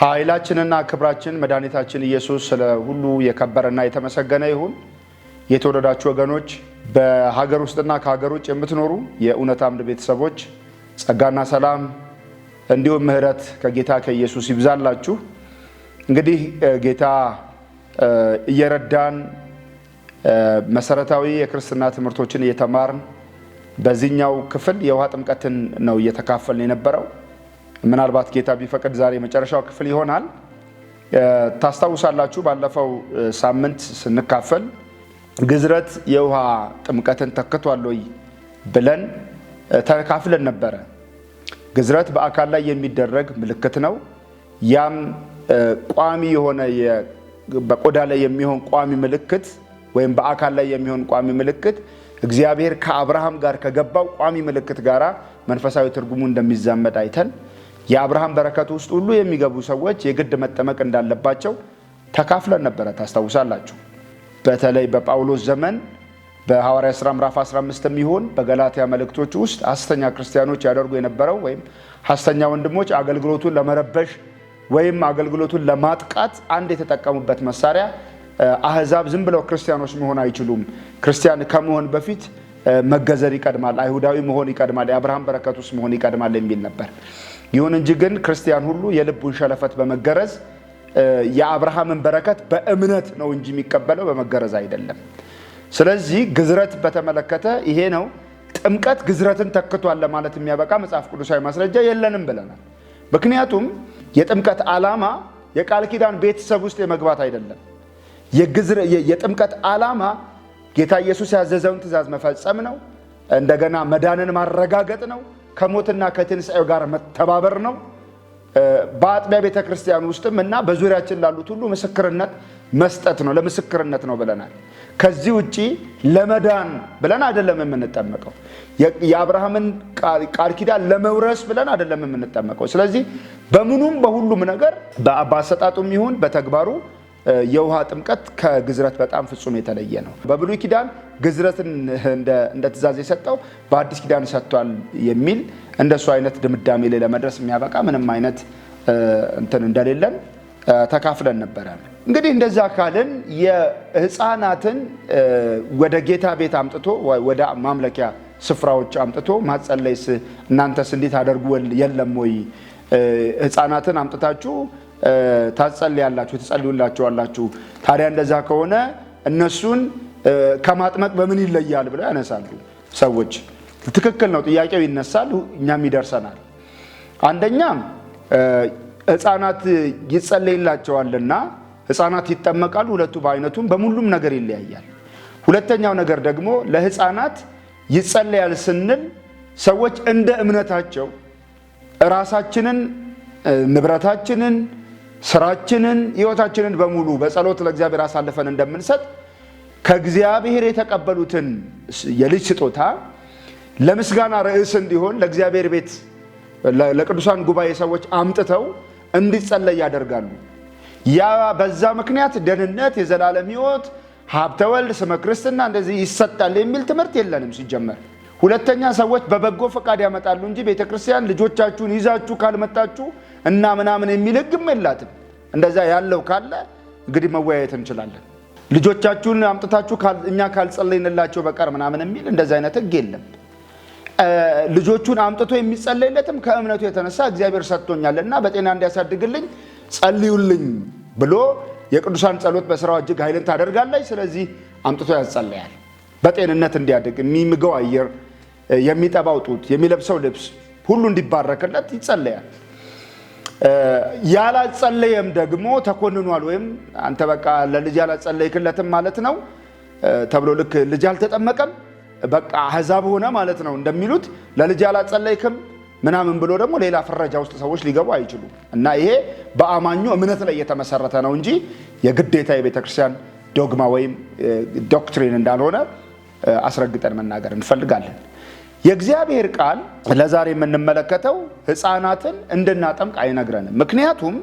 ኃይላችንና ክብራችን መድኃኒታችን ኢየሱስ ስለ ሁሉ የከበረና የተመሰገነ ይሁን። የተወደዳችሁ ወገኖች፣ በሀገር ውስጥና ከሀገር ውጭ የምትኖሩ የእውነት አምድ ቤተሰቦች ጸጋና ሰላም እንዲሁም ምሕረት ከጌታ ከኢየሱስ ይብዛላችሁ። እንግዲህ ጌታ እየረዳን መሰረታዊ የክርስትና ትምህርቶችን እየተማርን በዚህኛው ክፍል የውሃ ጥምቀትን ነው እየተካፈልን የነበረው። ምናልባት ጌታ ቢፈቅድ ዛሬ መጨረሻው ክፍል ይሆናል። ታስታውሳላችሁ፣ ባለፈው ሳምንት ስንካፈል ግዝረት የውሃ ጥምቀትን ተክቷል ወይ ብለን ተካፍለን ነበረ። ግዝረት በአካል ላይ የሚደረግ ምልክት ነው። ያም ቋሚ የሆነ በቆዳ ላይ የሚሆን ቋሚ ምልክት ወይም በአካል ላይ የሚሆን ቋሚ ምልክት እግዚአብሔር ከአብርሃም ጋር ከገባው ቋሚ ምልክት ጋር መንፈሳዊ ትርጉሙ እንደሚዛመድ አይተን የአብርሃም በረከት ውስጥ ሁሉ የሚገቡ ሰዎች የግድ መጠመቅ እንዳለባቸው ተካፍለን ነበረ። ታስታውሳላችሁ። በተለይ በጳውሎስ ዘመን በሐዋርያ ሥራ ምዕራፍ 15 የሚሆን በገላትያ መልእክቶች ውስጥ ሐሰተኛ ክርስቲያኖች ያደርጉ የነበረው ወይም ሐሰተኛ ወንድሞች አገልግሎቱን ለመረበሽ ወይም አገልግሎቱን ለማጥቃት አንድ የተጠቀሙበት መሳሪያ አህዛብ ዝም ብለው ክርስቲያኖች መሆን አይችሉም። ክርስቲያን ከመሆን በፊት መገዘር ይቀድማል፣ አይሁዳዊ መሆን ይቀድማል፣ የአብርሃም በረከት ውስጥ መሆን ይቀድማል የሚል ነበር። ይሁን እንጂ ግን ክርስቲያን ሁሉ የልቡን ሸለፈት በመገረዝ የአብርሃምን በረከት በእምነት ነው እንጂ የሚቀበለው በመገረዝ አይደለም። ስለዚህ ግዝረት በተመለከተ ይሄ ነው። ጥምቀት ግዝረትን ተክቷል ለማለት የሚያበቃ መጽሐፍ ቅዱሳዊ ማስረጃ የለንም ብለናል። ምክንያቱም የጥምቀት ዓላማ የቃል ኪዳን ቤተሰብ ውስጥ የመግባት አይደለም። የጥምቀት ዓላማ ጌታ ኢየሱስ ያዘዘውን ትእዛዝ መፈጸም ነው። እንደገና መዳንን ማረጋገጥ ነው። ከሞትና ከትንሣኤው ጋር መተባበር ነው። በአጥቢያ ቤተ ክርስቲያን ውስጥም እና በዙሪያችን ላሉት ሁሉ ምስክርነት መስጠት ነው። ለምስክርነት ነው ብለናል። ከዚህ ውጭ ለመዳን ብለን አይደለም የምንጠመቀው። የአብርሃምን ቃል ኪዳን ለመውረስ ብለን አይደለም የምንጠመቀው። ስለዚህ በምኑም በሁሉም ነገር በአሰጣጡም ይሁን በተግባሩ የውሃ ጥምቀት ከግዝረት በጣም ፍጹም የተለየ ነው። በብሉይ ኪዳን ግዝረትን እንደ ትእዛዝ የሰጠው በአዲስ ኪዳን ሰጥቷል የሚል እንደሱ አይነት ድምዳሜ ላይ ለመድረስ የሚያበቃ ምንም አይነት እንትን እንደሌለን ተካፍለን ነበረ። እንግዲህ እንደዛ ካልን የህፃናትን ወደ ጌታ ቤት አምጥቶ ወደ ማምለኪያ ስፍራዎች አምጥቶ ማጸለይስ እናንተስ እንዴት አደርጉ የለም ወይ? ህፃናትን አምጥታችሁ ታጸልያላችሁ ትጸልዩላችኋላችሁ። ታዲያ እንደዛ ከሆነ እነሱን ከማጥመቅ በምን ይለያል ብለው ያነሳሉ ሰዎች። ትክክል ነው፣ ጥያቄው ይነሳል፣ እኛም ይደርሰናል። አንደኛም ህፃናት ይጸለይላቸዋልና ህፃናት ይጠመቃሉ። ሁለቱ በአይነቱም በሙሉም ነገር ይለያያል። ሁለተኛው ነገር ደግሞ ለህፃናት ይጸለያል ስንል ሰዎች እንደ እምነታቸው ራሳችንን ንብረታችንን ስራችንን ህይወታችንን በሙሉ በጸሎት ለእግዚአብሔር አሳልፈን እንደምንሰጥ ከእግዚአብሔር የተቀበሉትን የልጅ ስጦታ ለምስጋና ርዕስ እንዲሆን ለእግዚአብሔር ቤት ለቅዱሳን ጉባኤ ሰዎች አምጥተው እንዲጸለይ ያደርጋሉ። ያ በዛ ምክንያት ደህንነት፣ የዘላለም ህይወት፣ ሀብተ ወልድ፣ ስመ ክርስትና እንደዚህ ይሰጣል የሚል ትምህርት የለንም ሲጀመር ሁለተኛ ሰዎች በበጎ ፈቃድ ያመጣሉ እንጂ ቤተክርስቲያን ልጆቻችሁን ይዛችሁ ካልመጣችሁ እና ምናምን የሚል ህግም የላትም። እንደዛ ያለው ካለ እንግዲህ መወያየት እንችላለን። ልጆቻችሁን አምጥታችሁ እኛ ካልጸለይንላቸው በቀር ምናምን የሚል እንደዚ አይነት ህግ የለም። ልጆቹን አምጥቶ የሚጸለይለትም ከእምነቱ የተነሳ እግዚአብሔር ሰጥቶኛል እና በጤና እንዲያሳድግልኝ ጸልዩልኝ ብሎ የቅዱሳን ጸሎት በስራዋ እጅግ ኃይልን ታደርጋለች። ስለዚህ አምጥቶ ያጸለያል በጤንነት እንዲያድግ የሚምገው አየር የሚጠባው ጡት፣ የሚለብሰው ልብስ ሁሉ እንዲባረክለት ይጸለያል። ያላጸለየም ደግሞ ተኮንኗል፣ ወይም አንተ በቃ ለልጅ ያላጸለይክለትም ማለት ነው ተብሎ ልክ ልጅ አልተጠመቀም በቃ አህዛብ ሆነ ማለት ነው እንደሚሉት ለልጅ ያላጸለይክም ምናምን ብሎ ደግሞ ሌላ ፍረጃ ውስጥ ሰዎች ሊገቡ አይችሉም። እና ይሄ በአማኙ እምነት ላይ የተመሰረተ ነው እንጂ የግዴታ የቤተክርስቲያን ዶግማ ወይም ዶክትሪን እንዳልሆነ አስረግጠን መናገር እንፈልጋለን። የእግዚአብሔር ቃል ለዛሬ የምንመለከተው ህፃናትን እንድናጠምቅ አይነግረንም። ምክንያቱም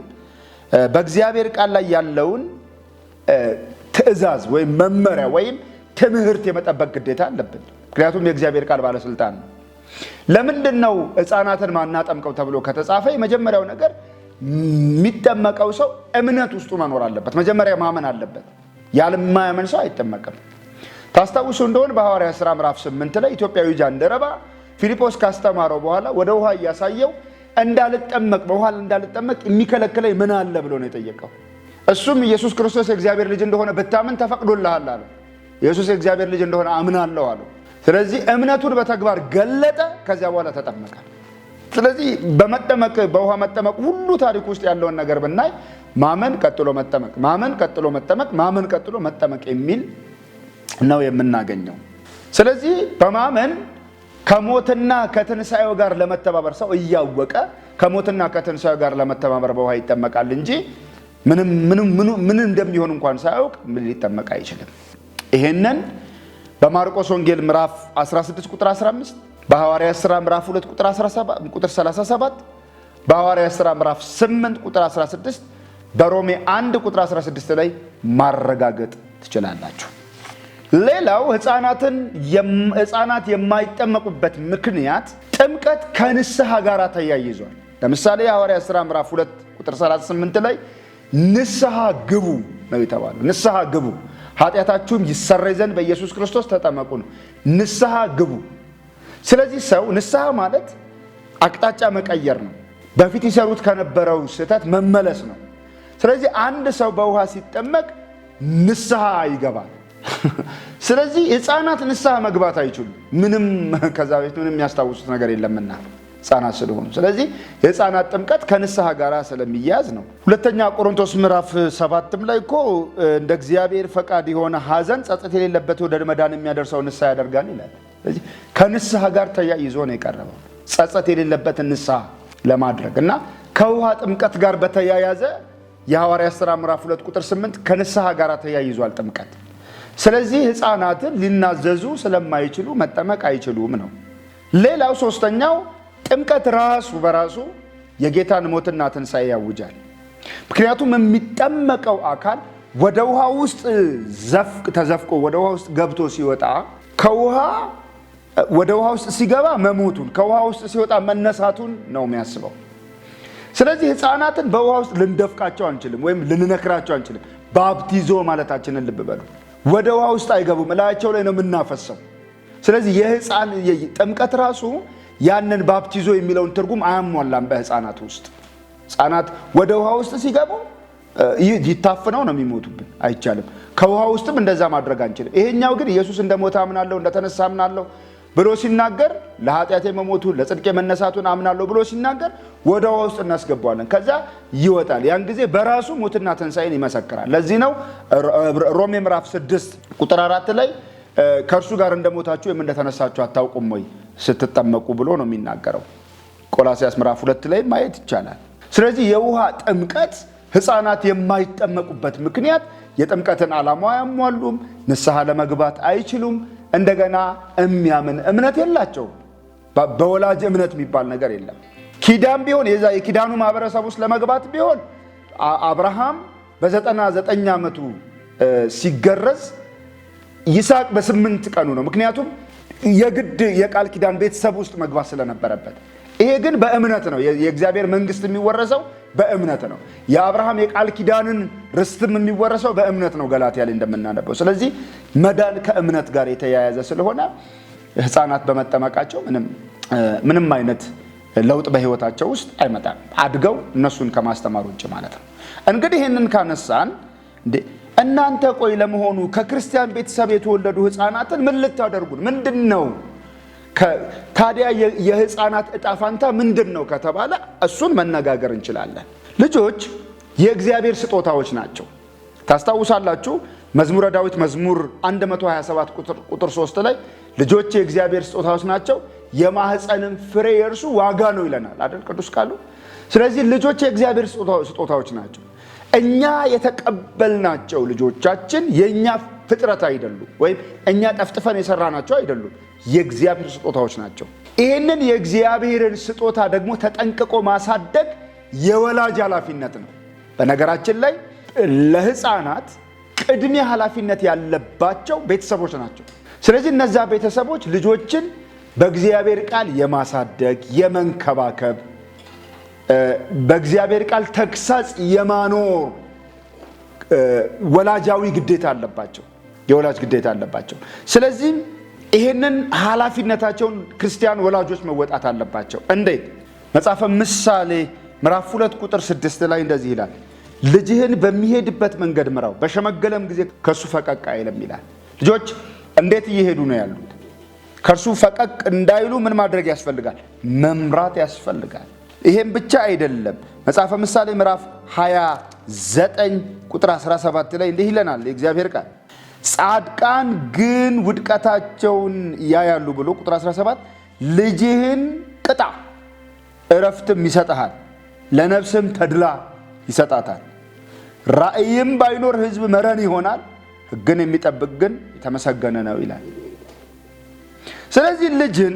በእግዚአብሔር ቃል ላይ ያለውን ትዕዛዝ ወይም መመሪያ ወይም ትምህርት የመጠበቅ ግዴታ አለብን። ምክንያቱም የእግዚአብሔር ቃል ባለስልጣን ነው። ለምንድን ነው ሕፃናትን ማናጠምቀው ተብሎ ከተጻፈ? የመጀመሪያው ነገር የሚጠመቀው ሰው እምነት ውስጡ መኖር አለበት። መጀመሪያ ማመን አለበት። ያለማያመን ሰው አይጠመቅም። ታስታውሱ እንደሆን በሐዋርያ ሥራ ምዕራፍ 8 ላይ ኢትዮጵያዊ ጃንደረባ ፊልጶስ ካስተማረው በኋላ ወደ ውሃ እያሳየው እንዳልጠመቅ በውሃ እንዳልጠመቅ የሚከለክለኝ ምን አለ ብሎ ነው የጠየቀው። እሱም ኢየሱስ ክርስቶስ የእግዚአብሔር ልጅ እንደሆነ ብታምን ተፈቅዶልሃል አለ። ኢየሱስ የእግዚአብሔር ልጅ እንደሆነ አምናለሁ አለው። ስለዚህ እምነቱን በተግባር ገለጠ። ከዚያ በኋላ ተጠመቀ። ስለዚህ በመጠመቅ በውሃ መጠመቅ ሁሉ ታሪክ ውስጥ ያለውን ነገር ብናይ ማመን ቀጥሎ መጠመቅ፣ ማመን ቀጥሎ መጠመቅ፣ ማመን ቀጥሎ መጠመቅ የሚል ነው የምናገኘው። ስለዚህ በማመን ከሞትና ከትንሣኤው ጋር ለመተባበር ሰው እያወቀ ከሞትና ከትንሣኤው ጋር ለመተባበር በውሃ ይጠመቃል እንጂ ምን እንደሚሆን እንኳን ሳያውቅ ሊጠመቅ አይችልም። ይሄንን በማርቆስ ወንጌል ምዕራፍ 16 ቁጥር 15፣ በሐዋርያት ሥራ ምዕራፍ 2 ቁጥር 37፣ በሐዋርያት ሥራ ምዕራፍ 8 ቁጥር 16፣ በሮሜ 1 ቁጥር 16 ላይ ማረጋገጥ ትችላላችሁ። ሌላው ህፃናትን ህፃናት የማይጠመቁበት ምክንያት ጥምቀት ከንስሐ ጋር ተያይዟል። ለምሳሌ የሐዋርያ ሥራ ምዕራፍ 2 ቁጥር 38 ላይ ንስሐ ግቡ ነው የተባለው። ንስሐ ግቡ ኃጢአታችሁም ይሰረይ ዘንድ በኢየሱስ ክርስቶስ ተጠመቁ ነው። ንስሐ ግቡ። ስለዚህ ሰው ንስሐ ማለት አቅጣጫ መቀየር ነው። በፊት ይሰሩት ከነበረው ስህተት መመለስ ነው። ስለዚህ አንድ ሰው በውሃ ሲጠመቅ ንስሐ ይገባል። ስለዚህ ህፃናት ንስሐ መግባት አይችሉም። ምንም ከዛ በፊት ምንም የሚያስታውሱት ነገር የለምና ህፃናት ስለሆኑ፣ ስለዚህ የህፃናት ጥምቀት ከንስሐ ጋር ስለሚያያዝ ነው። ሁለተኛ ቆሮንቶስ ምዕራፍ ሰባትም ላይ እኮ እንደ እግዚአብሔር ፈቃድ የሆነ ሀዘን ጸጸት የሌለበት ወደ መዳን የሚያደርሰው ንስሐ ያደርጋል ይላል። ስለዚህ ከንስሐ ጋር ተያይዞ ነው የቀረበው ጸጸት የሌለበትን ንስሐ ለማድረግ እና ከውሃ ጥምቀት ጋር በተያያዘ የሐዋርያ ሥራ ምዕራፍ 2 ቁጥር 8 ከንስሐ ጋር ተያይዟል ጥምቀት ስለዚህ ህፃናትን ሊናዘዙ ስለማይችሉ መጠመቅ አይችሉም ነው። ሌላው ሶስተኛው ጥምቀት ራሱ በራሱ የጌታን ሞትና ትንሣኤ ያውጃል። ምክንያቱም የሚጠመቀው አካል ወደ ውሃ ውስጥ ተዘፍቆ ወደ ውሃ ውስጥ ገብቶ ሲወጣ ከውሃ ወደ ውሃ ውስጥ ሲገባ መሞቱን ከውሃ ውስጥ ሲወጣ መነሳቱን ነው የሚያስበው። ስለዚህ ህፃናትን በውሃ ውስጥ ልንደፍቃቸው አንችልም፣ ወይም ልንነክራቸው አንችልም። ባብቲዞ ማለታችንን ልብ በሉ። ወደ ውሃ ውስጥ አይገቡም፣ እላያቸው ላይ ነው የምናፈሰው። ስለዚህ የህፃን ጥምቀት ራሱ ያንን ባፕቲዞ የሚለውን ትርጉም አያሟላም በህፃናት ውስጥ። ህፃናት ወደ ውሃ ውስጥ ሲገቡ ይታፍነው ነው የሚሞቱብን፣ አይቻልም። ከውሃ ውስጥም እንደዛ ማድረግ አንችልም። ይሄኛው ግን ኢየሱስ እንደሞተ አምናለሁ፣ እንደተነሳ አምናለሁ ብሎ ሲናገር ለኃጢአቴ የመሞቱ ለጽድቄ መነሳቱን አምናለሁ ብሎ ሲናገር ወደ ውሃ ውስጥ እናስገባዋለን። ከዛ ይወጣል። ያን ጊዜ በራሱ ሞትና ትንሣኤን ይመሰክራል። ለዚህ ነው ሮሜ ምዕራፍ 6 ቁጥር 4 ላይ ከእርሱ ጋር እንደሞታችሁ ወይም እንደተነሳችሁ አታውቁም ወይ ስትጠመቁ ብሎ ነው የሚናገረው። ቆላሲያስ ምዕራፍ ሁለት ላይ ማየት ይቻላል። ስለዚህ የውሃ ጥምቀት ሕፃናት የማይጠመቁበት ምክንያት የጥምቀትን ዓላማ አያሟሉም፣ ንስሐ ለመግባት አይችሉም። እንደገና የሚያምን እምነት የላቸው በወላጅ እምነት የሚባል ነገር የለም። ኪዳን ቢሆን የዛ የኪዳኑ ማህበረሰብ ውስጥ ለመግባት ቢሆን አብርሃም በዘጠና ዘጠኝ ዓመቱ ሲገረዝ ይስሐቅ በስምንት ቀኑ ነው። ምክንያቱም የግድ የቃል ኪዳን ቤተሰብ ውስጥ መግባት ስለነበረበት። ይሄ ግን በእምነት ነው የእግዚአብሔር መንግስት የሚወረሰው በእምነት ነው። የአብርሃም የቃል ኪዳንን ርስትም የሚወረሰው በእምነት ነው፣ ገላትያ ላይ እንደምናነበው። ስለዚህ መዳን ከእምነት ጋር የተያያዘ ስለሆነ ሕፃናት በመጠመቃቸው ምንም አይነት ለውጥ በህይወታቸው ውስጥ አይመጣም፣ አድገው እነሱን ከማስተማር ውጭ ማለት ነው። እንግዲህ ይህንን ካነሳን እናንተ ቆይ ለመሆኑ ከክርስቲያን ቤተሰብ የተወለዱ ሕፃናትን ምን ልታደርጉን ምንድን ነው ታዲያ የህፃናት እጣ ፋንታ ምንድን ነው ከተባለ እሱን መነጋገር እንችላለን። ልጆች የእግዚአብሔር ስጦታዎች ናቸው። ታስታውሳላችሁ መዝሙረ ዳዊት መዝሙር 127 ቁጥር 3 ላይ ልጆች የእግዚአብሔር ስጦታዎች ናቸው፣ የማህፀንም ፍሬ የእርሱ ዋጋ ነው ይለናል አይደል ቅዱስ ቃሉ። ስለዚህ ልጆች የእግዚአብሔር ስጦታዎች ናቸው። እኛ የተቀበልናቸው ልጆቻችን የእኛ ፍጥረት አይደሉም፣ ወይም እኛ ጠፍጥፈን የሰራናቸው አይደሉም። የእግዚአብሔር ስጦታዎች ናቸው። ይህንን የእግዚአብሔርን ስጦታ ደግሞ ተጠንቅቆ ማሳደግ የወላጅ ኃላፊነት ነው። በነገራችን ላይ ለህፃናት ቅድሚያ ኃላፊነት ያለባቸው ቤተሰቦች ናቸው። ስለዚህ እነዛ ቤተሰቦች ልጆችን በእግዚአብሔር ቃል የማሳደግ የመንከባከብ፣ በእግዚአብሔር ቃል ተግሳጽ የማኖር ወላጃዊ ግዴታ አለባቸው፣ የወላጅ ግዴታ አለባቸው። ስለዚህም ይሄንን ኃላፊነታቸውን ክርስቲያን ወላጆች መወጣት አለባቸው። እንዴት? መጽሐፈ ምሳሌ ምዕራፍ ሁለት ቁጥር ስድስት ላይ እንደዚህ ይላል፣ ልጅህን በሚሄድበት መንገድ ምራው፣ በሸመገለም ጊዜ ከእሱ ፈቀቅ አይልም ይላል። ልጆች እንዴት እየሄዱ ነው ያሉት? ከእርሱ ፈቀቅ እንዳይሉ ምን ማድረግ ያስፈልጋል? መምራት ያስፈልጋል። ይሄም ብቻ አይደለም። መጽሐፈ ምሳሌ ምዕራፍ 29 ቁጥር 17 ላይ እንዲህ ይለናል የእግዚአብሔር ቃል ጻድቃን ግን ውድቀታቸውን ያያሉ ብሎ ቁጥር 17 ልጅህን ቅጣ እረፍትም ይሰጥሃል፣ ለነፍስም ተድላ ይሰጣታል። ራእይም ባይኖር ህዝብ መረን ይሆናል፣ ህግን የሚጠብቅ ግን የተመሰገነ ነው ይላል። ስለዚህ ልጅን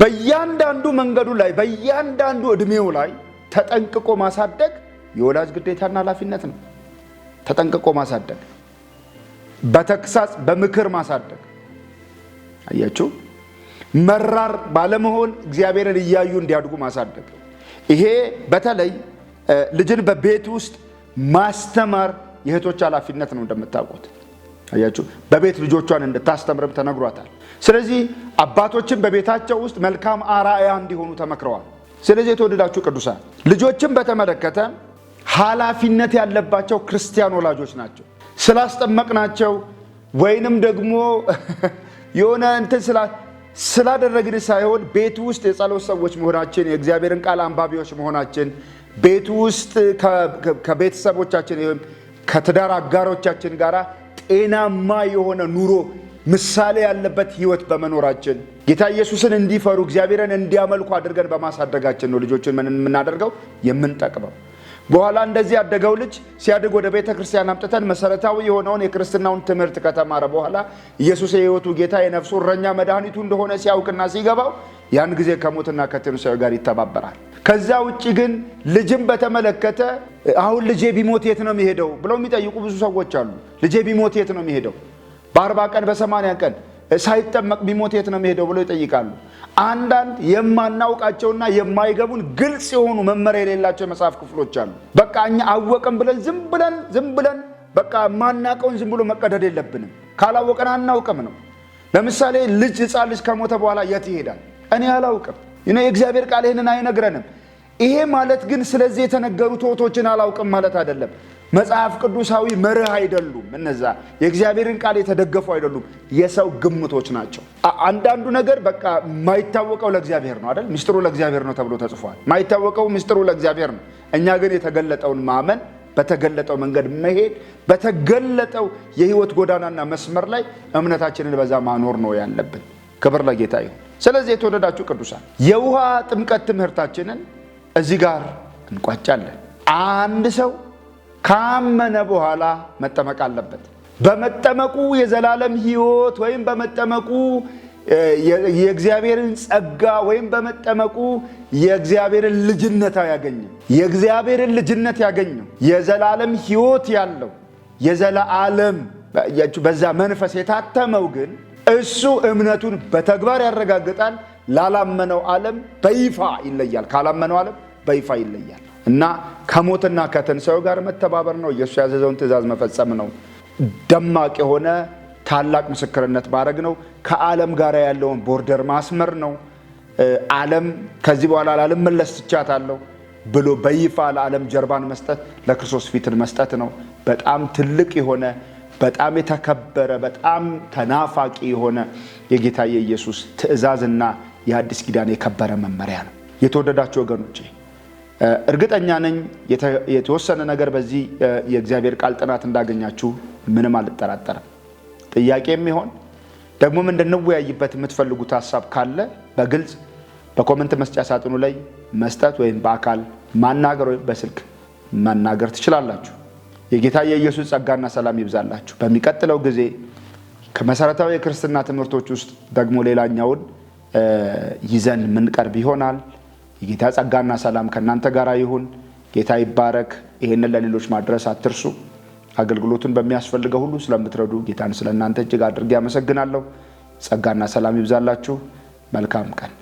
በእያንዳንዱ መንገዱ ላይ በእያንዳንዱ እድሜው ላይ ተጠንቅቆ ማሳደግ የወላጅ ግዴታና ኃላፊነት ነው። ተጠንቅቆ ማሳደግ በተግሳጽ በምክር ማሳደግ አያቸው። መራር ባለመሆን እግዚአብሔርን እያዩ እንዲያድጉ ማሳደግ። ይሄ በተለይ ልጅን በቤት ውስጥ ማስተማር የእህቶች ኃላፊነት ነው እንደምታውቁት አያችሁ በቤት ልጆቿን እንድታስተምርም ተነግሯታል። ስለዚህ አባቶችን በቤታቸው ውስጥ መልካም አራያ እንዲሆኑ ተመክረዋል። ስለዚህ የተወደዳችሁ ቅዱሳን ልጆችን በተመለከተ ኃላፊነት ያለባቸው ክርስቲያን ወላጆች ናቸው። ስላስጠመቅናቸው ወይንም ደግሞ የሆነ እንትን ስላደረግን ሳይሆን ቤት ውስጥ የጸሎት ሰዎች መሆናችን የእግዚአብሔርን ቃል አንባቢዎች መሆናችን ቤት ውስጥ ከቤተሰቦቻችን ወይም ከትዳር አጋሮቻችን ጋር ጤናማ የሆነ ኑሮ ምሳሌ ያለበት ህይወት በመኖራችን ጌታ ኢየሱስን እንዲፈሩ እግዚአብሔርን እንዲያመልኩ አድርገን በማሳደጋችን ነው ልጆችን ምን የምናደርገው የምንጠቅመው። በኋላ እንደዚህ ያደገው ልጅ ሲያድግ ወደ ቤተ ክርስቲያን አምጥተን መሰረታዊ የሆነውን የክርስትናውን ትምህርት ከተማረ በኋላ ኢየሱስ የህይወቱ ጌታ የነፍሱ እረኛ መድኃኒቱ እንደሆነ ሲያውቅና ሲገባው ያን ጊዜ ከሞትና ከትንሣኤ ጋር ይተባበራል። ከዛ ውጭ ግን ልጅም በተመለከተ አሁን ልጄ ቢሞት የት ነው የሚሄደው ብለው የሚጠይቁ ብዙ ሰዎች አሉ። ልጄ ቢሞት የት ነው የሚሄደው? በአርባ ቀን በሰማንያ ቀን ሳይጠመቅ ቢሞት የት ነው የሚሄደው ብሎ ይጠይቃሉ። አንዳንድ የማናውቃቸውና የማይገቡን ግልጽ የሆኑ መመሪያ የሌላቸው የመጽሐፍ ክፍሎች አሉ። በቃ እኛ አወቅን ብለን ዝም ብለን ዝም ብለን በቃ ማናውቀውን ዝም ብሎ መቀደድ የለብንም። ካላወቀን አናውቅም ነው። ለምሳሌ ልጅ ህፃን ልጅ ከሞተ በኋላ የት ይሄዳል? እኔ አላውቅም። የእግዚአብሔር ቃል ይህንን አይነግረንም። ይሄ ማለት ግን ስለዚህ የተነገሩ ትውፊቶችን አላውቅም ማለት አይደለም። መጽሐፍ ቅዱሳዊ መርህ አይደሉም። እነዛ የእግዚአብሔርን ቃል የተደገፉ አይደሉም፣ የሰው ግምቶች ናቸው። አንዳንዱ ነገር በቃ ማይታወቀው ለእግዚአብሔር ነው አይደል? ምስጢሩ ለእግዚአብሔር ነው ተብሎ ተጽፏል። ማይታወቀው ምስጢሩ ለእግዚአብሔር ነው። እኛ ግን የተገለጠውን ማመን፣ በተገለጠው መንገድ መሄድ፣ በተገለጠው የህይወት ጎዳናና መስመር ላይ እምነታችንን በዛ ማኖር ነው ያለብን። ክብር ለጌታ ይሁን። ስለዚህ የተወደዳችሁ ቅዱሳን የውሃ ጥምቀት ትምህርታችንን እዚህ ጋር እንቋጫለን። አንድ ሰው ካመነ በኋላ መጠመቅ አለበት። በመጠመቁ የዘላለም ሕይወት ወይም በመጠመቁ የእግዚአብሔርን ጸጋ ወይም በመጠመቁ የእግዚአብሔርን ልጅነት አያገኝም። የእግዚአብሔርን ልጅነት ያገኘው የዘላለም ሕይወት ያለው የዘላለም በዛ መንፈስ የታተመው ግን እሱ እምነቱን በተግባር ያረጋግጣል። ላላመነው ዓለም በይፋ ይለያል። ካላመነው ዓለም በይፋ ይለያል። እና ከሞትና ከትንሣኤው ጋር መተባበር ነው። ኢየሱስ ያዘዘውን ትእዛዝ መፈጸም ነው። ደማቅ የሆነ ታላቅ ምስክርነት ማድረግ ነው። ከዓለም ጋር ያለውን ቦርደር ማስመር ነው። ዓለም ከዚህ በኋላ ለዓለም መለስ ትቻታለሁ ብሎ በይፋ ለዓለም ጀርባን መስጠት ለክርስቶስ ፊትን መስጠት ነው። በጣም ትልቅ የሆነ በጣም የተከበረ በጣም ተናፋቂ የሆነ የጌታ የኢየሱስ ትእዛዝና የአዲስ ኪዳን የከበረ መመሪያ ነው። የተወደዳችሁ ወገኖቼ እርግጠኛ ነኝ የተወሰነ ነገር በዚህ የእግዚአብሔር ቃል ጥናት እንዳገኛችሁ ምንም አልጠራጠርም። ጥያቄ የሚሆን ደግሞም እንድንወያይበት የምትፈልጉት ሀሳብ ካለ በግልጽ በኮመንት መስጫ ሳጥኑ ላይ መስጠት ወይም በአካል ማናገር ወይም በስልክ መናገር ትችላላችሁ። የጌታ የኢየሱስ ጸጋና ሰላም ይብዛላችሁ። በሚቀጥለው ጊዜ ከመሰረታዊ የክርስትና ትምህርቶች ውስጥ ደግሞ ሌላኛውን ይዘን ምንቀርብ ይሆናል። የጌታ ጸጋና ሰላም ከእናንተ ጋር ይሁን። ጌታ ይባረክ። ይህንን ለሌሎች ማድረስ አትርሱ። አገልግሎቱን በሚያስፈልገው ሁሉ ስለምትረዱ ጌታን ስለ እናንተ እጅግ አድርጌ አመሰግናለሁ። ጸጋና ሰላም ይብዛላችሁ። መልካም ቀን